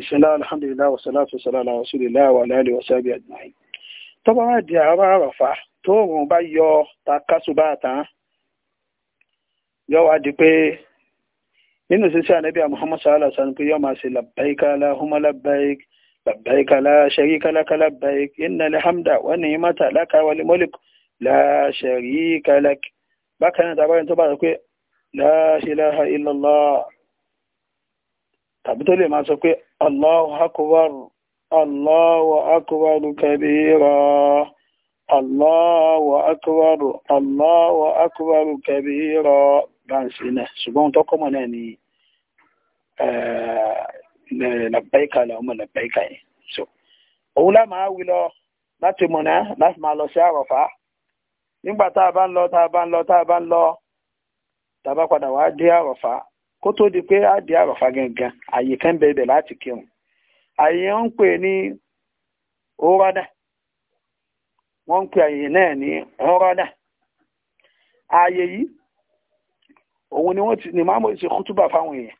bismillah alhamdulillah wasalatu wasalala rasulillah wa alihi wa sahbihi ajma'in tó bá wá di àárọ̀ àràfà tó òun bá yọ ta kásùbà tán yọ wá di pé nínú sísẹ ànábì muhammad sallallahu alaihi wasallam pé yọ máa ṣe labbaik allahumma labbaik labbaik la sharika laka labbaik innal hamda wa ni'mata laka wal mulk la sharika lak bákan náà tàbí tó bá rẹ pé la ilaha illallah tàbí tó lè máa sọ pé Allahu akbar Allahu rọ kabira Allahu akbar Allahu akbar kabira báǹsì náà ṣùgbọ́n tó kọ́mọ̀ náà ni labbaika lahumma labbaika yẹn so òun lá máa wí lọ láti mọ̀nà láti máa lọ sí àrọ̀fá nígbà tá a bá ń lọ tá a bá ń lọ tá a bá ń lọ tá a kó tó di pé á di àròfà gangan àyè kan bẹ láti kírun àyè ń pè ní wọ́n ń pè àyè náà ní ọ̀rọ̀dà àyè yìí ni wọ́n ti ní máàmù ṣe kútúbà fáwọn èèyàn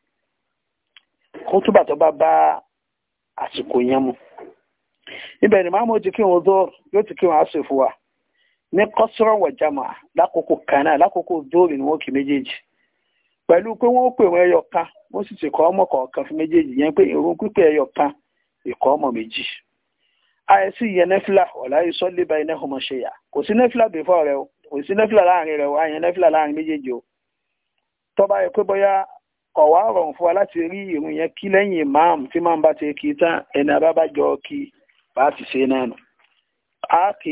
kútúbà tó bá bá àsìkò yẹn mu ibẹ̀ ni máàmù ti kírun dọ́r yóò ti kírun wa ní kọ́sọ́rọ̀ jama lákòókò kan náà lákòókò ni pẹ̀lú pé wọ́n pè wọ́n ẹyọ kan wọ́n sì ṣèkọ́ ọmọ kọ̀ọ̀kan fún méjèèjì yẹn pé ìrun pípẹ́ ẹyọ kan ìkọ́ ọmọ méjì àìsí ìyẹn nẹ́fìlà ọ̀la ìsọ́ lébà iná ọmọ ṣe yà kò sí nẹ́fìlà bèfọ́ rẹ o kò sí nẹ́fìlà láàrin rẹ o àyẹn nẹ́fìlà láàrin méjèèjì o tọ́ba yẹ pé bóyá ọ̀wá rọrùn fún wa láti rí ìrun yẹn kí lẹ́yìn a kì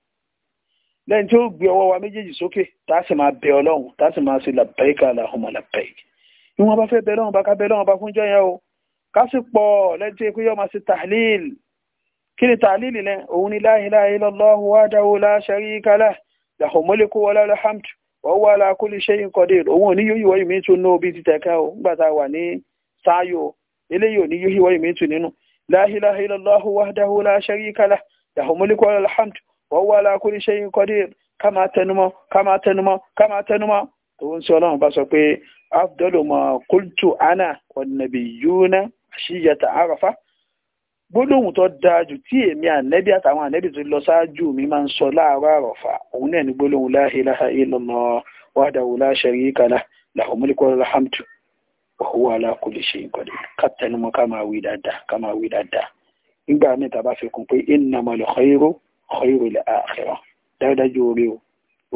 lẹ́yìn tí ó gbé ọwọ́ wa méjèèjì sókè tá a sì máa bẹ ọlọ́run tá a sì máa ṣe làbẹ́ẹ̀kà làhùnmọ̀ làbẹ́ẹ̀kì ni wọ́n bá fẹ́ bẹ lọ́run bá ká bẹ lọ́run bá fúnjọ́ yẹn o ká sì pọ̀ lẹ́yìn tí ekúyọ́ máa ṣe tàhlíl kí ni tàhlíl lẹ́ òun ni la ilaha illallah wahdahu la sharika lah lahul mulku wa lahul hamdu wa huwa ala kulli shay'in qadir òun ò ní wa huwa ala kulli shay'in qadir ká máa tẹnumọ́ ká máa tẹnumọ́ ká máa tẹnumọ́ tòun sí ọlọ́run bá sọ pé afdalu ma qultu ana wan nabiyyuna ashiyata arafa gbólóhùn tó dáa jù tí èmi ànẹ́bí àtàwọn ànẹ́bí tó lọ ṣáájú mi máa ń sọ láàárọ̀ àrọ̀fà òun náà ní gbólóhùn la ilaha illallah wahdahu la sharika lah lahul mulku wa lahul hamdu wa huwa ala kulli wí dáadáa ká wí dáadáa nígbà míì bá fi kún pé innamal khayru ọ̀rọ̀ ilẹ̀ àkẹwà dáadájú orí o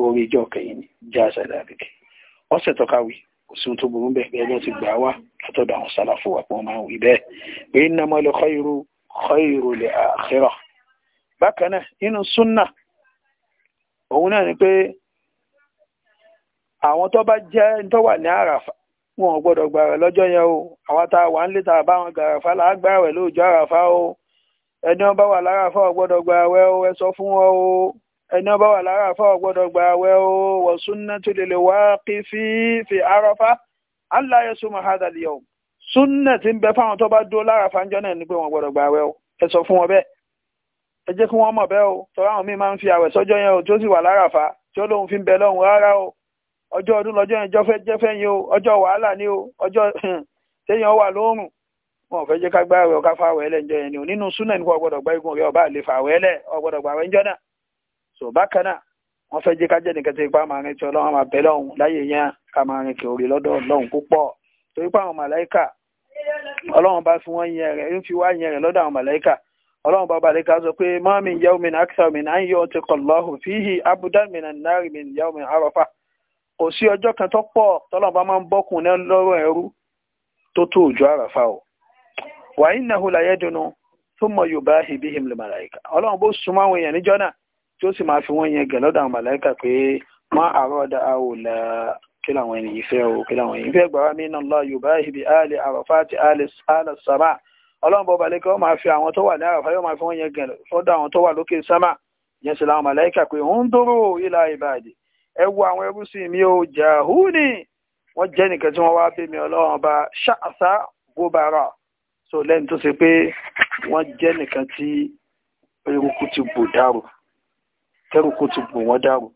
orí ìjọ kẹyìn ni já àṣàlẹ̀ àbíkẹ́ ọ̀sẹ̀ tọ́káwí kò sí ohun tó burú bẹ́ẹ̀ bẹ́ẹ̀ lọ́ọ́ ti gbà wá látọ̀dọ̀ àwọn sálàfò wà pọ̀ máa ń wí bẹ́ẹ̀ pé innamal khayru khayru lil akhirah bákan náà nínú súnà òun náà ni pé àwọn tó bá jẹ́ tó wà ní àràfà wọn ò gbọ́dọ̀ gbàrẹ̀ lọ́jọ́ yẹn o àwọn tá a wà ń lé tá a bá wọn gbàràfà là á gbàrẹ̀ lóòjọ́ àràfà o ẹni ó bá wà lára àfà ò gba àwẹ̀ o ẹ sọ fún wọn o ẹni ó wà lára àfà ò gba àwẹ̀ o wa sunnatu lil waqifi fi Arafa alla yasuma hadha al yawm súnnà tí ń bẹ fáwọn tó bá dúró lára fáńjọ náà ni pé wọn gbọ́dọ̀ gba àwẹ̀ o ẹ sọ fún wọn bẹ́ẹ̀ ẹ jẹ́ kí wọ́n mọ̀ bẹ́ẹ̀ o tọ́ra àwọn míì máa ń fi àwẹ̀ sọ́jọ́ yẹn o tí ó sì wà lára fa tí ó lóun fi ń bẹ lọ́hùn rárá o ọjọ́ ọdún lọ́jọ́ yẹn jọ́fẹ́ jẹ́fẹ́ yín o ọjọ́ wàhálà ni o ọjọ́ téèyàn wà lóòrùn wọn fẹ́ jẹ́ ká gbá àwẹ̀ ọ̀ká fà àwẹ̀ ẹlẹ́njọ́ yẹn ni ò nínú súnà nípa ọgbọ́dọ̀ gba igun ọ̀rẹ́ ọba àlè fà àwẹ̀ ẹlẹ́ gba àwẹ̀ náà so bákan náà wọn fẹ́ jẹ ká jẹ nìkan tí ipa máa rìn tí ọlọ́run máa bẹ́ lọ́hùn láyé yẹn ká máa rìn àwọn màláìkà bá fi yẹn ń fi wá yẹn àwọn màláìkà bá balẹ̀ ká sọ pé wa innahu la yadunu thumma yubahi bihim lil malaika ọlọ́run bó súnmọ́ àwọn èèyàn níjọ́ náà tí ó sì máa fi wọ́n yẹn gẹ̀ lọ́dọ̀ àwọn màláìka pé má àrọ́dà àwòlà kí làwọn ènìyàn fẹ́ o kí làwọn ènìyàn fẹ́ gbàrà min Allah yubahi bi ali àràfáàtì àlẹ̀ sàmà ọlọ́run bọ́ba lẹ́kẹ́ ó máa fi àwọn tó wà ní àràfá yóò máa fi wọ́n yẹn gẹ̀ lọ́dọ̀ àwọn tó wà lókè sàmà yẹn sì làwọn màláìka pé ń dúró ilà ìbàdí ẹ wo àwọn ẹrú mi ò jàhúnì wọ́n jẹ́ nìkan tí wọ́n wá bí mi ọlọ́run ọba ṣáàṣá gbóbára so lẹ́ni tó ṣe pé wọ́n jẹ́ nìkan tí eruku ti bò dàrú tẹ́ruku ti bò wọ́n dàrú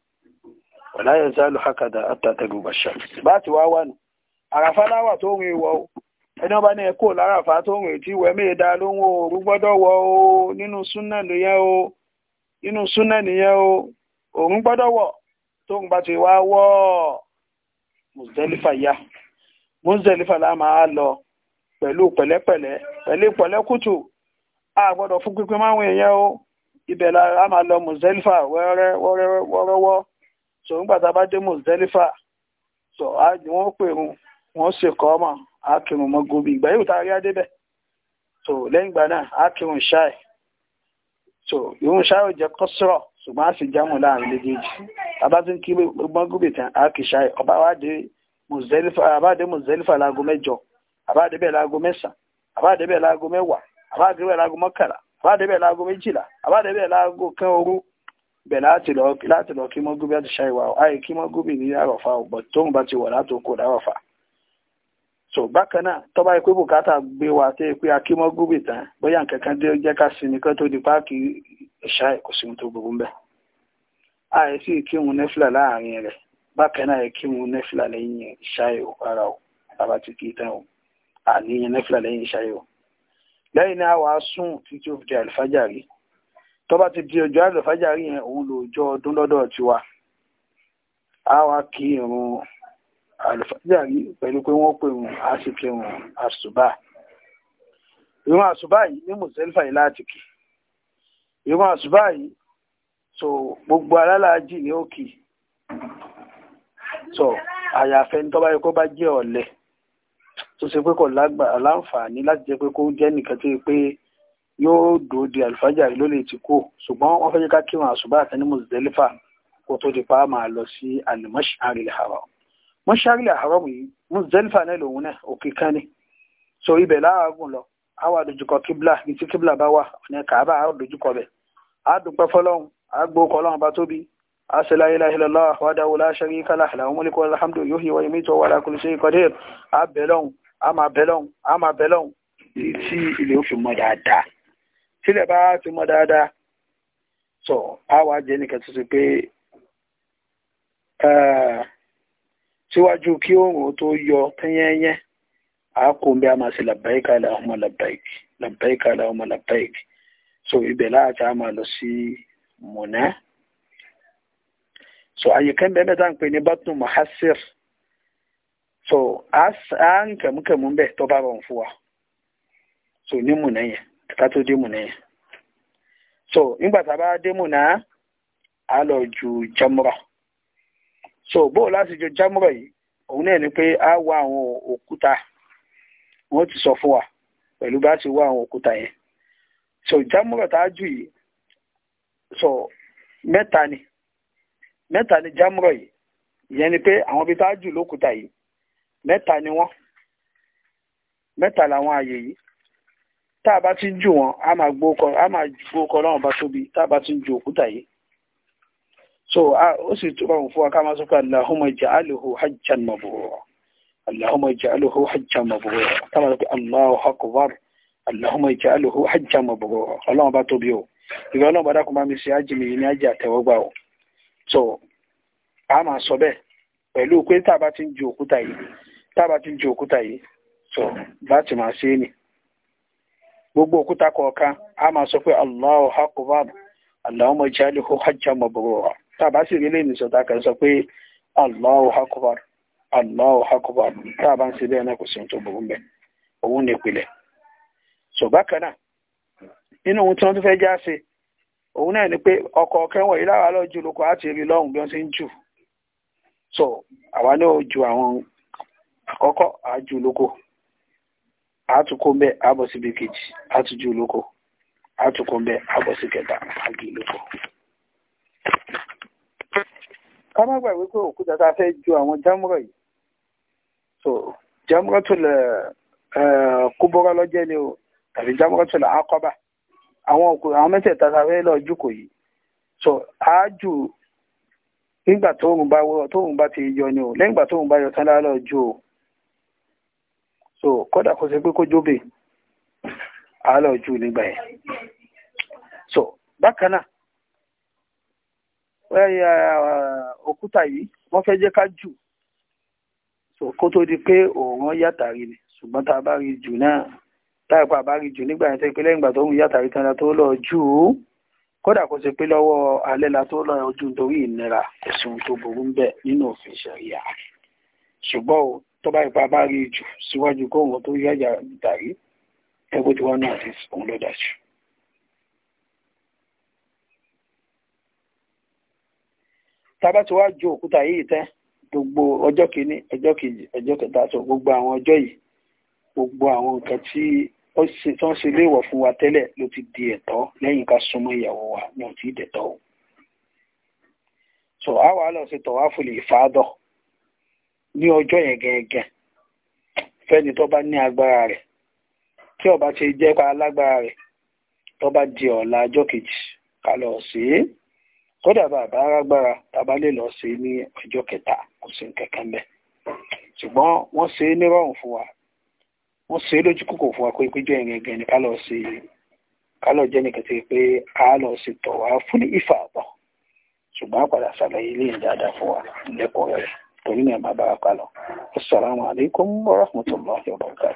wala yazalu hakada hatta taghrub ash-shams bá ti wá wà nù àràfá láwà tó rìn wọ o ẹni ọba ní ẹkọ láràfá tó rìn tí wẹmí ìdá lóhùn òru gbọ́dọ̀ wọ o nínú súnà nìyẹn o nínú súnà nìyẹn o òrùn gbọ́dọ̀ wọ tóun bá ti wá wọ Muzdalifa ya Muzdalifa la máa lọ pẹ̀lú pẹ̀lẹ́pẹ̀lẹ́ pẹ̀lú pẹ̀lẹ́kùtù a gbọ́dọ̀ fún pínpín máwọn èèyàn o ibẹ̀ la máa lọ Muzdalifa wẹ́rẹ́ wọ́rọ́wọ́ so nígbà tá bá dé Muzdalifa so a ní wọ́n pèrun wọ́n sì kọ́ ọmọ a mọ́ gobi ìgbà yóò tá a rí adébẹ̀ so lẹ́yìn ìgbà náà a ṣáì so ìrun ṣáì ò jẹ́ kọ́sọ́rọ̀ ṣùgbọ́n a sì jámù láàrin méjèèjì bàbá tí ń kí mọ́ gobi tán a ṣáì ọba àbádébẹ̀ láago mẹ́sàn-án àbádébẹ̀ láago mẹ́wàá àbádébẹ̀ láago mọ́kànlá àbádébẹ̀ láago méjìlá àbádébẹ̀ láago kan òru bẹ̀ láti lọ láti lọ kí mọ́gúbí àti ṣáìwá o àyè kí mọ́gúbí ní àròfà ò bọ̀ tóun bá ti wọ̀ láti oko láròfà. so bákan náà tọ́ba ikú bùkátà gbé wa tó yẹ pé akí mọ́gúbí tán bóyá nǹkan dé jẹ́ ká sinmi kan tó di páàkì ṣáì kò sí ohun tó burú mbẹ́. àyè sì kírun nẹ́fìlà láàrin rẹ̀ bákan náà yẹ kírun nẹ́fìlà lẹ́yìn ṣáì ò rárá o bàbá ti kì tán o àníyàn nẹ́fìlà lẹ́yìn ìṣàyẹ̀wò lẹ́yìn náà wàá sùn títí ó fi di àlùfájàrí tó bá ti di ọjọ́ àlùfájàrí yẹn òun lò ọjọ́ ọdún lọ́dọ̀ tiwa a wá kí irun àlùfájàrí pẹ̀lú pé wọ́n pè wọn a sì kí àṣùbà irun àṣùbà yìí ní mùsẹ́lífà yìí láti kì irun àṣùbà yìí so gbogbo alálàájì ni ó kì so àyàfẹ́ ní tó bá yẹ kó bá jẹ́ ọ̀lẹ tó ṣe pé kò láǹfààní láti jẹ́ pé kó jẹ́ nìkan tó yẹ pé yóò dòó di àlùfájàrí ló lè ti kú ṣùgbọ́n wọ́n fẹ́ yẹ ká kírun àṣùbà àti ní Muzdalifa kó tó di pa á máa lọ sí al-Mash'aril Haram Mash'aril Haram yìí Muzdalifa náà lòun náà òkè kan ni so ibẹ̀ láàágùn lọ a wà dojúkọ kíbla ní tí kíbla bá wà ní Kaaba a dojúkọ bẹ̀ a dúpẹ́ fọlọ́hún a gbókọ̀ ọlọ́run bá tóbi أسأل لا إله إلا الله وحده لا شريك له له الملك والحمد يحيي ويميت وهو على كل شيء قدير أبلون a máa bẹ lọ́hùn a máa bẹ lọ́hùn tí ilé ó fi mọ dáadáa tílẹ̀ bá ti mọ dáadáa sọ a wá jẹ́ nìkan tuntun pé síwájú kí oòrùn tó yọ tẹ́yẹ́yẹ́ a kò ń bí a máa ṣe labbaika Allahumma labbaik labbaika Allahumma labbaik so ibẹ̀ láti a máa lọ sí mọ̀nà so àyíká ń bẹ́ẹ̀ mẹ́ta ń pè ní batnu mahasir so a ń kẹ̀múkẹ̀mú ń bẹ̀ tó bá rọrùn fún wa so ní mùnà yẹn ká tó dé mùnà yẹn so nígbà tá a bá dé mùnà á lọ ju jámúrà so bóò láti ju jámúrà yìí òun náà ni pé a wa àwọn òkúta wọn ti sọ fún wa pẹ̀lú bá ti wá àwọn òkúta so jámúrà tá a jù so mẹ́ta ni mẹ́ta ni jámúrà yìí ìyẹn ni pé àwọn ibi tá a jù lókúta yìí mẹ́ta ni wọ́n mẹ́ta làwọn àyè yìí tá a bá ti ń jù wọ́n a máa gbó kọ a máa gbó kọ lọ́wọ́n bá tóbi tá a bá ti ń ju òkúta yìí so ó sì túbọ̀ wọ́n fún wa ká máa sọ pé Allahumma ja'alhu hajjan mabrura Allahumma ja'alhu hajjan mabrura ká máa sọ pé Allahu akbar Allahumma ja'alhu hajjan mabrura ọlọ́wọ́n bá tóbi o ìwé ọlọ́wọ́n bá dákun bá mi ṣe ájì mi yìí ní ájì àtẹ̀wọ́gbà o so a máa sọ bẹ́ẹ̀ pẹ̀lú pé tàbá ti ń ju òkúta yìí tàbá ti ń ju òkúta yìí sọ láti máa ṣe é gbogbo òkúta kọ̀ọ̀kan a máa sọ pé Allahu akbar Allahumma ij'alhu hajjan mabrura sì rí lẹ́yìn kan sọ pé Allahu akbar Allahu akbar tàbá ń ṣe bẹ́ẹ̀ náà kò sí tó burú mẹ́ òun ní ìpìlẹ̀ sọ bákan náà nínú ohun tí wọ́n tún fẹ́ já òun náà ni pé ọkọ̀ ọ̀kẹ́ wọ̀nyí so àwa náà ju àwọn àkọ́kọ́ àájú olóko àtúkò ń bẹ àbọ̀ síbi kejì àtújú olóko àtúkò ń bẹ àbọ̀ sí kẹta àjú olóko. ká má gbàgbé pé òkúta tá fẹ́ ju àwọn jámúrọ̀ yìí so jámúrọ̀ tó lẹ̀ kúbọ́rọ́ lọ́jẹ́ ni o tàbí jámúrọ̀ tó lẹ̀ akọ́bà àwọn mẹ́tẹ̀ẹ̀ta tá a fẹ́ lọ jù yìí so àájú nígbà tóòrùn bá wọ́ tóòrùn bá ti yọ ni o lẹ́yìn ìgbà tóòrùn bá yọ tán lálọ́ ju o so kódà kó ṣe pé kó jóbe àálọ́ ju nígbà yẹn so bákan náà òkúta yìí wọ́n fẹ́ jẹ́ ká jù so kó tó di pé òòrùn yàtàrí ni ṣùgbọ́n tá a bá rí jù náà táyà pa àbá rí jù nígbà yẹn tó pé lẹ́yìn ìgbà tóòrùn yàtàrí tán lọ tó lọ kódà kó ṣe pé lọ́wọ́ alẹ́ la tó lọ ojú nítorí ìnira kò sí ohun tó burú ń bẹ̀ nínú òfin ṣẹ̀ríà ṣùgbọ́n o tó bá ipa bá rí jù síwájú kóhun tó yájà dàrí ẹgbẹ́ tí wọ́n náà ti òun ló dà jù. tábà tí wàá ju òkúta yìí tẹ́ gbogbo ọjọ́ kìíní ọjọ́ kejì ọjọ́ kẹta sọ gbogbo àwọn ọjọ́ yìí gbogbo àwọn nǹkan tí tí wọ́n ṣe léèwọ̀ fún wa tẹ́lẹ̀ ló ti di ẹ̀tọ́ lẹ́yìn ká súnmọ́ ìyàwó wa ní ọ̀tí ìdẹ̀tọ́ o so a wà lọ sí tọ̀wáfù lè fàádọ̀ ní ọjọ́ yẹn gẹ́gẹ́ fẹ́ni tó bá ní agbára rẹ̀ tí ó bá ti jẹ́ pa alágbára rẹ̀ tó bá di ọ̀la ọjọ́ kejì ká lọ sí i kódà bàbá arágbára tàbá lè lọ sí i ní ọjọ́ kẹta kò sí nǹkan kan bẹ́ẹ̀ ṣùgbọ́n wọ́n ṣe é nírọ̀rùn fún wa wọ́n ṣe é lójú kòkò fún wa pé péjọ yẹn gẹ́gẹ́ ni ká lọ sí jẹ́ pé a lọ sí tọ̀ wá fún ìfà àbọ̀ ṣùgbọ́n ṣàlàyé ilé yẹn dáadáa fún wa lẹ́kọ̀ọ́ rẹ̀ torí náà bàbá wa